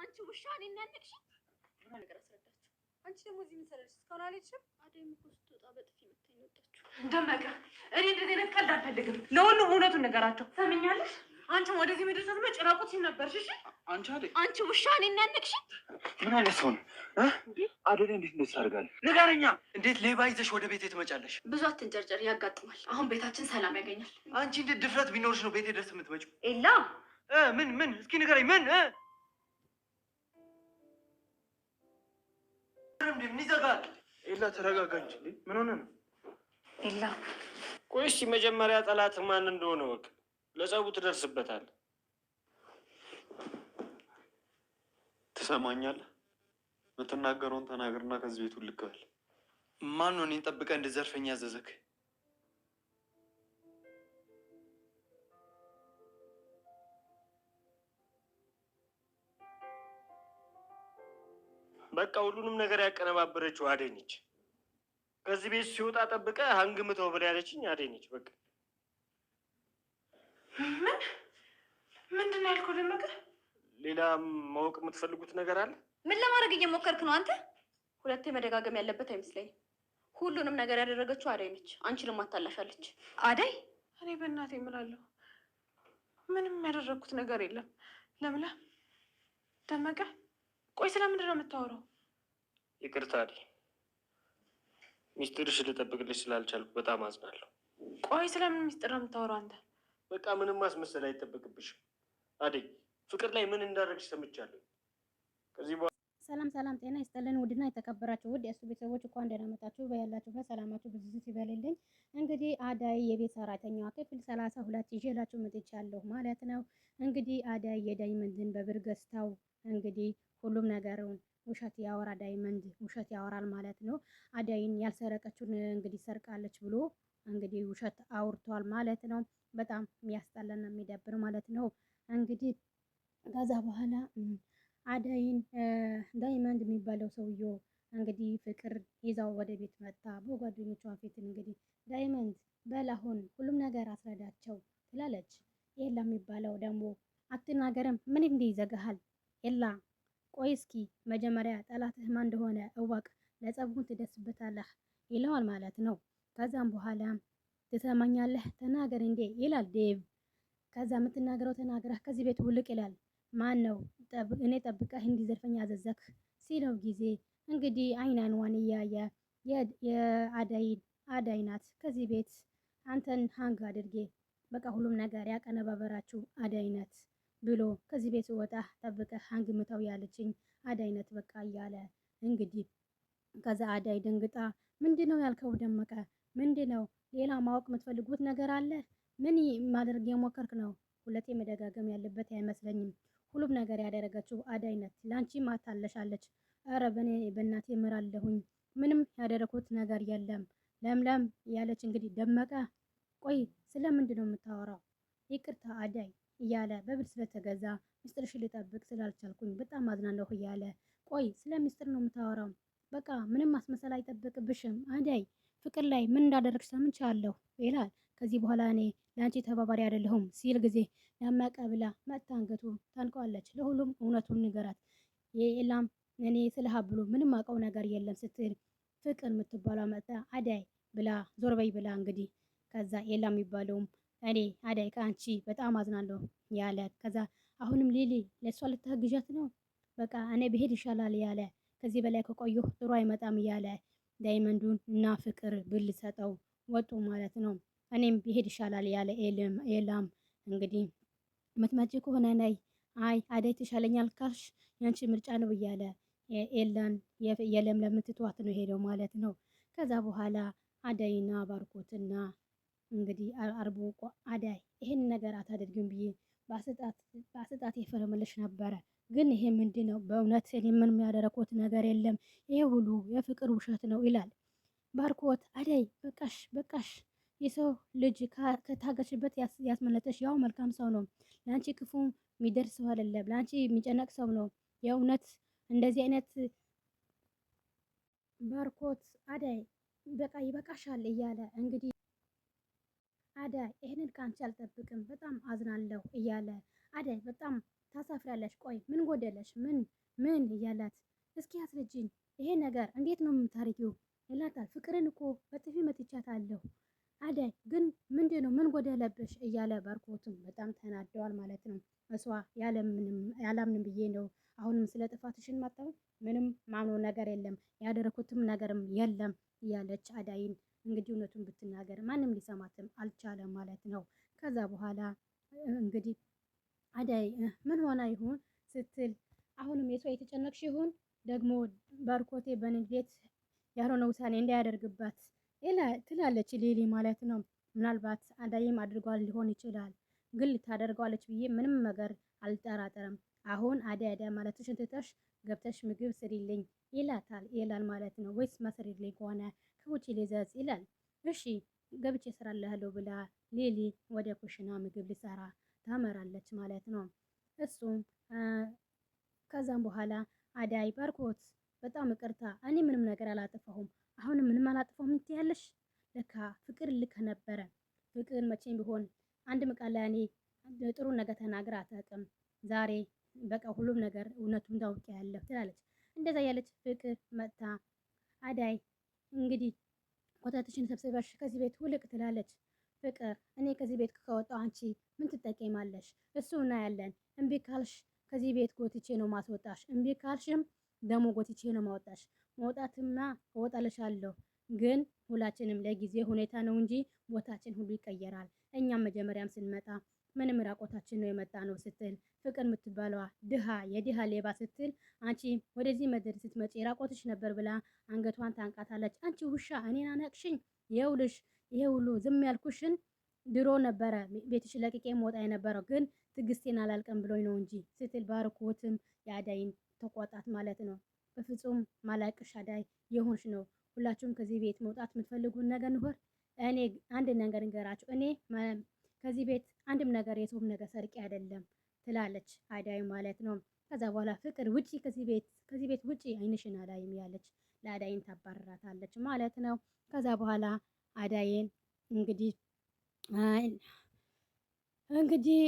አንቺ ውሻ እኔን ያነቅሽ ነገር አስረዳችሁ። አንቺ ደግሞ እዚህ ምን ሰራሽ? እስካሁን አልሄድሽም። አደይም እኮ ስትወጣ በጥፊ መታኝ ወጣችሁ። ደመቀ እኔ እንደዚህ አይነት ቀልድ አልፈልግም። ለሁሉም እውነቱን ነገራቸው። ሰምኛለሽ? አንቺም ወደዚህ ምድር ስትመጪ ራቁት ነበርሽ። እሺ አንቺ አደይ፣ አንቺ ውሻ እኔን ያነቅሽ። ምን አይነት ሰው ነው አደይ? እንዴት እንደት ታደርጋለሽ? ንገረኛ። እንዴት ሌባ ይዘሽ ወደ ቤቴ ትመጫለሽ? ብዙ አትንጨርጨር፣ ያጋጥማል። አሁን ቤታችን ሰላም ያገኛል። አንቺ እንዴት ድፍረት ቢኖርሽ ነው ቤቴ ድረስ የምትመጪው? ኤላ ምን ምን? እስኪ ንገረኝ ምን እ ኤላ ተረጋጋ እንጂ ምን ሆነ ነው? ኤላ ቆይ እስኪ መጀመሪያ ጠላት ማን እንደሆነ ወቅ ለጸቡ ትደርስበታል። ትሰማኛለህ? የምትናገረውን ተናገርና ከዚህ ቤት ውልቀሃል። ማን ነው እኔን ጠብቀህ እንድዘርፈኝ ያዘዘክ? በቃ ሁሉንም ነገር ያቀነባበረችው አደይ ነች። ከዚህ ቤት ሲወጣ ጠብቀ አንግምተው ብላ ያለችኝ አደይ ነች። በቃ ምን ምንድን ነው ያልኩህ? ሌላ ማወቅ የምትፈልጉት ነገር አለ? ምን ለማድረግ እየሞከርክ ነው አንተ? ሁለቴ መደጋገም ያለበት አይመስለኝም። ሁሉንም ነገር ያደረገችው አደይ ነች። አንቺንም አታላሻለች አደይ። እኔ በእናቴ እምላለሁ ምንም ያደረግኩት ነገር የለም። ለምለም ደመቀ ቆይ ስለምንድን ነው የምታወራው? ይቅርታ ዲ ሚስጥርሽ ልጠብቅልሽ ስላልቻልኩ በጣም አዝናለሁ። ቆይ ስለምን ሚስጥር ነው የምታወራው አንተ? በቃ ምንም ማስመሰል አይጠበቅብሽም አደይ። ፍቅር ላይ ምን እንዳደረግሽ ሰምቻለሁ። ከዚህ በኋላ ሰላም ሰላም፣ ጤና ይስጥልን ውድና የተከበራችሁ ውድ የእሱ ቤተሰቦች እንኳን ደህና መጣችሁ። በያላችሁበት ሰላማችሁ ብዙ ይበልልኝ። እንግዲህ አዳይ የቤት ሰራተኛዋ ክፍል ሰላሳ ሁለት ይዤላችሁ መጥቻለሁ ማለት ነው። እንግዲህ አዳይ የዳይመንድን በብር ገዝታው እንግዲህ ሁሉም ነገር ውሸት ያወራ ዳይመንድ ውሸት ያወራል ማለት ነው። አዳይን ያልሰረቀችውን እንግዲህ ሰርቃለች ብሎ እንግዲህ ውሸት አውርቷል ማለት ነው። በጣም የሚያስጠላና የሚደብር ማለት ነው። እንግዲህ ከዛ በኋላ አዳይን ዳይመንድ የሚባለው ሰውዬው እንግዲህ ፍቅር ይዛው ወደ ቤት መጣ። በጓደኞቿ ፊት እንግዲህ ዳይመንድ በላሁን ሁሉም ነገር አስረዳቸው ትላለች። ኤላ የሚባለው ደግሞ አትናገርም ምን እንዲህ ይዘጋሃል ኤላ ቆይ እስኪ መጀመሪያ ጠላትህ ማን እንደሆነ እወቅ፣ ለጸቡን ትደርስበታለህ ይለዋል ማለት ነው። ከዛም በኋላ ትሰማኛለህ ተናገር እንዴ ይላል ዴቭ። ከዛ የምትናገረው ተናግረህ ከዚህ ቤት ውልቅ ይላል። ማን ነው እኔ ጠብቀህ እንዲዘርፈኝ አዘዘክ ሲለው ጊዜ እንግዲህ አይናንዋን እያየ የአዳይ አዳይ ናት ከዚህ ቤት አንተን ሃንግ አድርጌ በቃ ሁሉም ነገር ያቀነባበራችሁ አዳይ ናት ብሎ ከዚህ ቤት ወጣ ጠብቀ አንግምታው ያለችኝ አዳይነት በቃ እያለ እንግዲህ ከዛ አዳይ ደንግጣ ምንድን ነው ያልከው ደመቀ? ምንድን ነው ሌላ ማወቅ የምትፈልጉት ነገር አለ? ምን ማድረግ የሞከርክ ነው? ሁለቴ መደጋገም ያለበት አይመስለኝም። ሁሉም ነገር ያደረገችው አዳይነት ላንቺ ማታለሻለች። ኧረ በኔ በእናቴ ምራለሁኝ ምንም ያደረኩት ነገር የለም ለምለም ያለች እንግዲህ ደመቀ ቆይ ስለምንድን ነው የምታወራው? ይቅርታ አዳይ እያለ በብር ስለተገዛ ሚስጥርሽን ልጠብቅ ስላልቻልኩኝ በጣም አዝናለሁ እያለ ቆይ ስለ ሚስጥር ነው የምታወራው? በቃ ምንም ማስመሰል አይጠበቅብሽም አደይ ፍቅር ላይ ምን እንዳደረግሽ ሰምቻለሁ ይላል። ከዚህ በኋላ እኔ ለአንቺ ተባባሪ አይደለሁም ሲል ጊዜ ያማቀ ብላ መጥታ አንገቱ ታንቀዋለች። ለሁሉም እውነቱን ንገራት የኤላም እኔ ስለ ሀብሉ ምንም አውቀው ነገር የለም ስትል ፍቅር የምትባሏ መጥታ አደይ ብላ ዞርበይ ብላ እንግዲህ ከዛ ኤላ የሚባለውም እኔ አደይ ከአንቺ በጣም አዝናለሁ ያለ ከዛ አሁንም ሊሊ ለእሷ ልታግዣት ነው በቃ እኔ ብሄድ ይሻላል ያለ ከዚህ በላይ ከቆየሁ ጥሩ አይመጣም እያለ ዳይመንዱን እና ፍቅር ብል ሰጠው ወጡ ማለት ነው። እኔም ብሄድ ይሻላል ያለ ኤላም እንግዲህ ምትመጪ ከሆነ ነይ፣ አይ አደይ ትሻለኛል ካልሽ ያንቺ ምርጫ ነው እያለ ኤላን የለምለም ትቷት ነው ሄደው ማለት ነው። ከዛ በኋላ አደይና ባርኮትና እንግዲህ አርብ ወቆ አዳይ ይህን ነገር አታደርግም ብዬ በአስጣት የፈረመልሽ ነበረ። ግን ይሄ ምንድን ነው? በእውነት እኔ ምን የሚያደረኩት ነገር የለም፣ ይሄ ሁሉ የፍቅር ውሸት ነው ይላል ባርኮት። አዳይ በቃሽ በቃሽ፣ የሰው ልጅ ከታገሽበት ያስመለጠሽ ያው መልካም ሰው ነው። ለአንቺ ክፉ የሚደርስ ሰው አይደለም፣ ለአንቺ የሚጨነቅ ሰው ነው። የእውነት እንደዚህ አይነት ባርኮት አዳይ በቃ ይበቃሻል እያለ እንግዲህ አደይ ይህንን ከአንቺ አልጠብቅም፣ በጣም አዝናለሁ እያለ አዳይ በጣም ታሳፍራለች። ቆይ ምን ጎደለሽ? ምን ምን እያላት እስኪ አስረጅኝ፣ ይሄ ነገር እንዴት ነው የምታርጊው? ይላታል። ፍቅርን እኮ በጥፊ መትቻታለሁ አደይ ግን ምንድን ነው ምን ጎደለብሽ? እያለ ባርኮትም በጣም ተናደዋል ማለት ነው። እሷ ያላምንም ብዬ ነው አሁንም ስለ ጥፋትሽን ማጣው ምንም ማምኖ ነገር የለም ያደረኩትም ነገርም የለም እያለች አዳይን እንግዲህ እውነቱን ብትናገር ማንም ሊሰማትም አልቻለም ማለት ነው። ከዛ በኋላ እንግዲህ አደይ ምን ሆና ይሁን ስትል አሁንም የሷ የተጨነቅሽ ይሁን ደግሞ ባርኮቴ በንዴት ያልሆነ ውሳኔ እንዳያደርግባት ትላለች ሌሊ ማለት ነው። ምናልባት አዳይም አድርጓል ሊሆን ይችላል፣ ግን ልታደርገዋለች ብዬ ምንም ነገር አልጠራጠርም። አሁን አደይ አደይ ማለትሽን ትተሽ ገብተሽ ምግብ ስሪልኝ ይላታል ይላል ማለት ነው። ወይስ መሰሪት ላይ ከሆነ ከውጭ ሊዘዝ ይላል። እሺ ገብቼ እሰራልሃለሁ ብላ ሌሊ ወደ ኩሽና ምግብ ሊሰራ ታመራለች ማለት ነው። እሱም ከዛም በኋላ አዳይ ባርኮት በጣም ይቅርታ፣ እኔ ምንም ነገር አላጠፋሁም። አሁንም ምንም አላጠፋሁም ትያለሽ? ለካ ፍቅር ልክ ነበረ። ፍቅር መቼም ቢሆን አንድ ምቃላ እኔ ጥሩ ነገር ተናግራ አታውቅም። ዛሬ በቃ ሁሉም ነገር እውነቱን ታውቂያለሽ ትላለች። እንደዛ ያለች ፍቅር መጥታ አዳይ እንግዲህ ወተትሽን ሰብስበሽ ከዚህ ቤት ውልቅ ትላለች። ፍቅር እኔ ከዚህ ቤት ከወጣሁ አንቺ ምን ትጠቀማለሽ? እሱ እናያለን። እምቢ ካልሽ ከዚህ ቤት ጎትቼ ነው ማስወጣሽ። እምቢ ካልሽም ደግሞ ጎትቼ ነው ማወጣሽ። መውጣትና እወጣልሻለሁ። ግን ሁላችንም ለጊዜ ሁኔታ ነው እንጂ ቦታችን ሁሉ ይቀየራል። እኛም መጀመሪያም ስንመጣ ምንም ራቆታችን ነው የመጣ ነው ስትል ፍቅር የምትባለዋ ድሃ የድሃ ሌባ ስትል አንቺ ወደዚህ ምድር ስትመጪ ራቆትሽ ነበር ብላ አንገቷን ታንቃታለች። አንቺ ውሻ እኔን አነቅሽኝ? ይኸውልሽ ይሄ ሁሉ ዝም ያልኩሽን ድሮ ነበረ ቤትሽ ለቅቄ መውጣ የነበረው ግን ትዕግስቴን አላልቀም ብሎኝ ነው እንጂ ስትል ባርኮትም የአዳይን ተቆጣት ማለት ነው። በፍጹም ማላቅሽ አዳይ የሆንሽ ነው። ሁላችሁም ከዚህ ቤት መውጣት የምትፈልጉን ነገር ንሆር እኔ አንድ ነገር እንገራችሁ እኔ ከዚህ ቤት አንድም ነገር የሰውም ነገር ሰርቄ አይደለም ትላለች አዳይ ማለት ነው። ከዛ በኋላ ፍቅር ውጪ ከዚህ ቤት ከዚህ ቤት ውጪ አይንሽን አላይም ያለች ለአዳይን ታባረራታለች ማለት ነው። ከዛ በኋላ አዳይን እንግዲህ እንግዲህ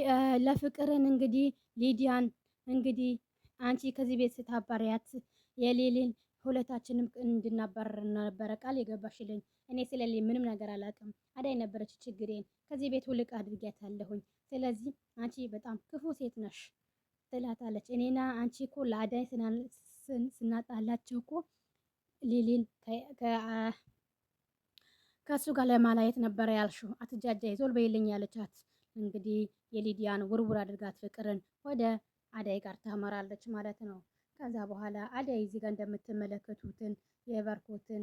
ለፍቅርን እንግዲህ ሊዲያን እንግዲህ አንቺ ከዚህ ቤት ስታባሪያት የሌሊን ሁለታችንም እንድናባረር ነበረ ቃል የገባሽልኝ እኔ ስለሌ ምንም ነገር አላውቅም። አዳይ ነበረች ችግሬን ከዚህ ቤት ውልቅ አድርጊያታለሁኝ። ስለዚህ አንቺ በጣም ክፉ ሴት ነሽ ትላታለች። እኔና አንቺ እኮ ለአዳይ ስናጣላችሁ እኮ ሊሊን ከእሱ ጋር ለማላየት ነበረ ያልሽው። አትጃጃ ይዞል በይልኝ ያለቻት እንግዲህ የሊዲያን ውርውር አድርጋት ፍቅርን ወደ አዳይ ጋር ታመራለች ማለት ነው። ከዛ በኋላ አዳይ እዚህ ጋር እንደምትመለከቱትን የባርኮትን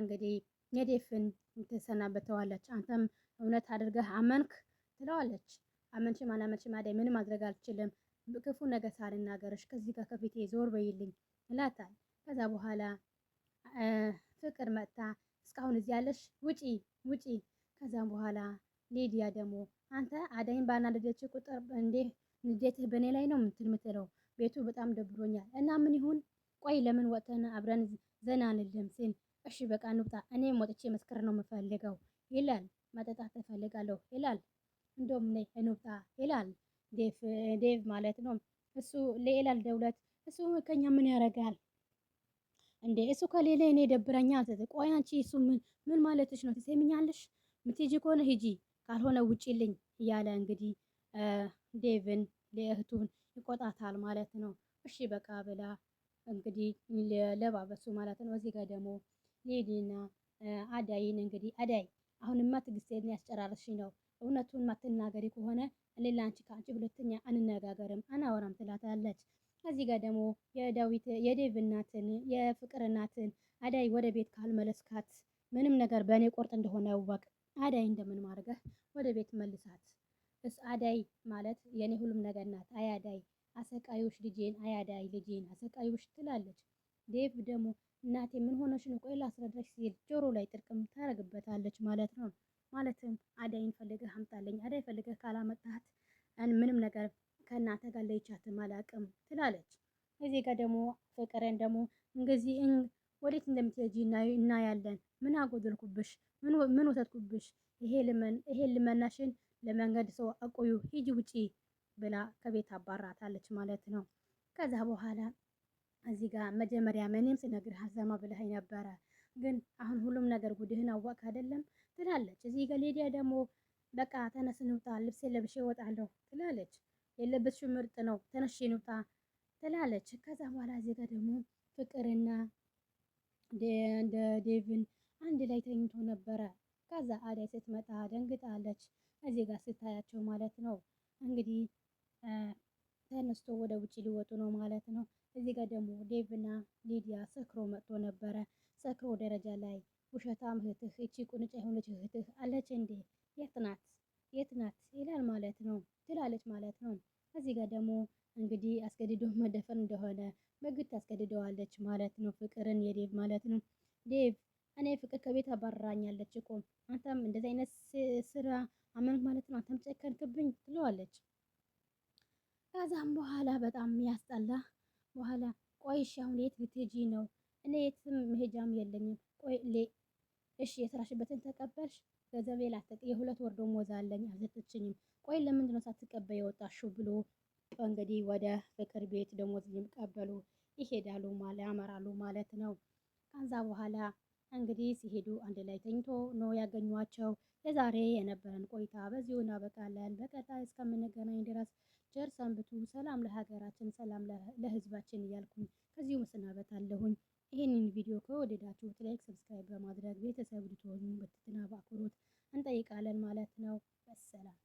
እንግዲህ ኔዴፍን ትሰናበተዋለች። አንተም እውነት አድርገህ አመንክ ትለዋለች። አመንሽም አላመንሽም አደይ ምንም ማድረግ አልችልም፣ ክፉ ነገር ሳልናገርሽ ከዚህ ጋር ከፊቴ ዞር በይልኝ ይላታል። ከዛ በኋላ ፍቅር መጥታ እስካሁን እዚህ ያለሽ ውጪ ውጪ። ከዛም በኋላ ሊዲያ ደግሞ አንተ አደይን ባናደደች ቁጥር እንዴ ንዴትህ በእኔ ላይ ነው ምትል ምትለው ቤቱ በጣም ደብሮኛል እና ምን ይሁን ቆይ ለምን ወጥተን አብረን ዘና አንልም ሲል እሺ በቃ እንውጣ፣ እኔ ወጥቼ መስከር ነው የምፈልገው ይላል። መጠጣት እፈልጋለሁ ይላል። እንደውም ነይ እንውጣ ይላል ዴቭ ዴቭ ማለት ነው እሱ ለኤላል ደውለት እሱ ከኛ ምን ያደርጋል እንዴ? እሱ ከሌለ እኔ ደብረኛል። ቆይ አንቺ እሱ ምን ምን ማለትሽ ነው? ትሰሚኛለሽ? ምትሄጂ ከሆነ ሂጂ፣ ካልሆነ ውጪልኝ እያለ እንግዲህ ዴቭን ለእህቱን ይቆጣታል ማለት ነው። እሺ በቃ ብላ እንግዲህ ለባበሱ ማለት ነው። እዚህ ጋር ደግሞ ሊዲና አዳይን እንግዲህ አዳይ አሁንማ ትዕግስቴን ያስጨራረስሽኝ ነው። እውነቱን ማትናገሪ ከሆነ ሌላ አንቺ ከአንቺ ሁለተኛ አንነጋገርም አናወራም ትላታለች። ከዚህ ጋር ደግሞ የዳዊት የዴቭ እናትን የፍቅር እናትን አዳይ ወደ ቤት ካልመለስካት ምንም ነገር በእኔ ቆርጥ እንደሆነ እወቅ። አዳይ እንደምን ማድረገህ ወደ ቤት መልሳት። እስ አዳይ ማለት የእኔ ሁሉም ነገር ናት። አያዳይ አሰቃዩሽ ልጄን፣ አያዳይ ልጄን አሰቃዩሽ ትላለች። ዴቭ ደግሞ እናቴ ምን ሆነሽ ነው? ቆይ ላስረዳሽ ሲል ጆሮ ላይ ጥርቅም ታደርግበታለች ማለት ነው። ማለትም አዳይን ፈልገህ አምጣለኝ፣ አዳይ ፈልገህ ካላመጣት ምንም ነገር ከእናንተ ጋር ለይቻትም አላቅም ትላለች። እዚህ ጋር ደግሞ ፍቅርን ደግሞ እንግዲህ ወዴት እንደምትሄጂ እናያለን። ምን አጎደልኩብሽ? ምን ወተትኩብሽ? ይሄ ይሄ ልመናሽን ለመንገድ ሰው አቆዩ፣ ሂጂ ውጪ ብላ ከቤት አባራታለች ማለት ነው። ከዛ በኋላ እዚህ ጋር መጀመሪያ ምንም ስነግርህ አዘማ ብለኸኝ ነበረ፣ ግን አሁን ሁሉም ነገር ጉድህን አወቅ አይደለም ትላለች። እዚህ ጋር ሌዲያ ደግሞ በቃ ተነስ ንውጣ፣ ልብሴ ለብሼ እወጣለሁ ትላለች። የለበስሽው ምርጥ ነው፣ ተነሽ ንውጣ ትላለች። ከዛ በኋላ እዚህ ጋር ደግሞ ፍቅርና እንደ ዴቭን አንድ ላይ ተኝቶ ነበረ። ከዛ አዳይ ስትመጣ ደንግጣለች። እዚህ ጋር ስታያቸው ማለት ነው እንግዲህ ተነስቶ ወደ ውጭ ሊወጡ ነው ማለት ነው። እዚህ ጋር ደግሞ ዴቭና ሊዲያ ሰክሮ መጥቶ ነበረ። ሰክሮ ደረጃ ላይ ውሸታም እህትህ፣ እቺ ቁንጫ የሆነች እህትህ አለች እንዴ የት ናት የት ናት ይላል ማለት ነው ትላለች ማለት ነው። እዚህ ጋር ደግሞ እንግዲህ አስገድዶ መደፈር እንደሆነ ምግብ ታስገድደዋለች ማለት ነው። ፍቅርን የዴቭ ማለት ነው። ዴቭ እኔ ፍቅር ከቤት አባራኛለች እኮ አንተም እንደዚህ አይነት ስራ አመንክ ማለት ነው አንተም ጨከንክብኝ ትለዋለች። ከዛም በኋላ በጣም ያስጠላ። በኋላ ቆይሽ አሁን የት ልትሄጂ ነው? እኔ የትም መሄጃም የለኝም። ቆይ እሺ የስራሽበትን ተቀበልሽ ገንዘቤ ላትቅ የሁለት ወር ደሞዝ አለኝ አልሰጠችኝም። ቆይ ለምንድን ነው ሳትቀበይ የወጣሽው? ብሎ እንግዲህ ወደ ፍቅር ቤት ደሞዝ ሊቀበሉ ይሄዳሉ ማለት ያመራሉ ማለት ነው። ከዛ በኋላ እንግዲህ ሲሄዱ አንድ ላይ ተኝቶ ነው ያገኟቸው። ለዛሬ የነበረን ቆይታ በዚሁ እናበቃለን። በቀጣይ እስከምንገናኝ ድረስ ቸር ሰንብቱ። ሰላም ለሀገራችን፣ ሰላም ለህዝባችን እያልኩኝ ከዚሁ መሰናበታለሁኝ። ይህንን ቪዲዮ ከወደዳችሁት ላይክ፣ ሰብስክራይብ በማድረግ ቤተሰብ ልትሆኑ በትህትና በአክብሮት እንጠይቃለን ማለት ነው። በሰላም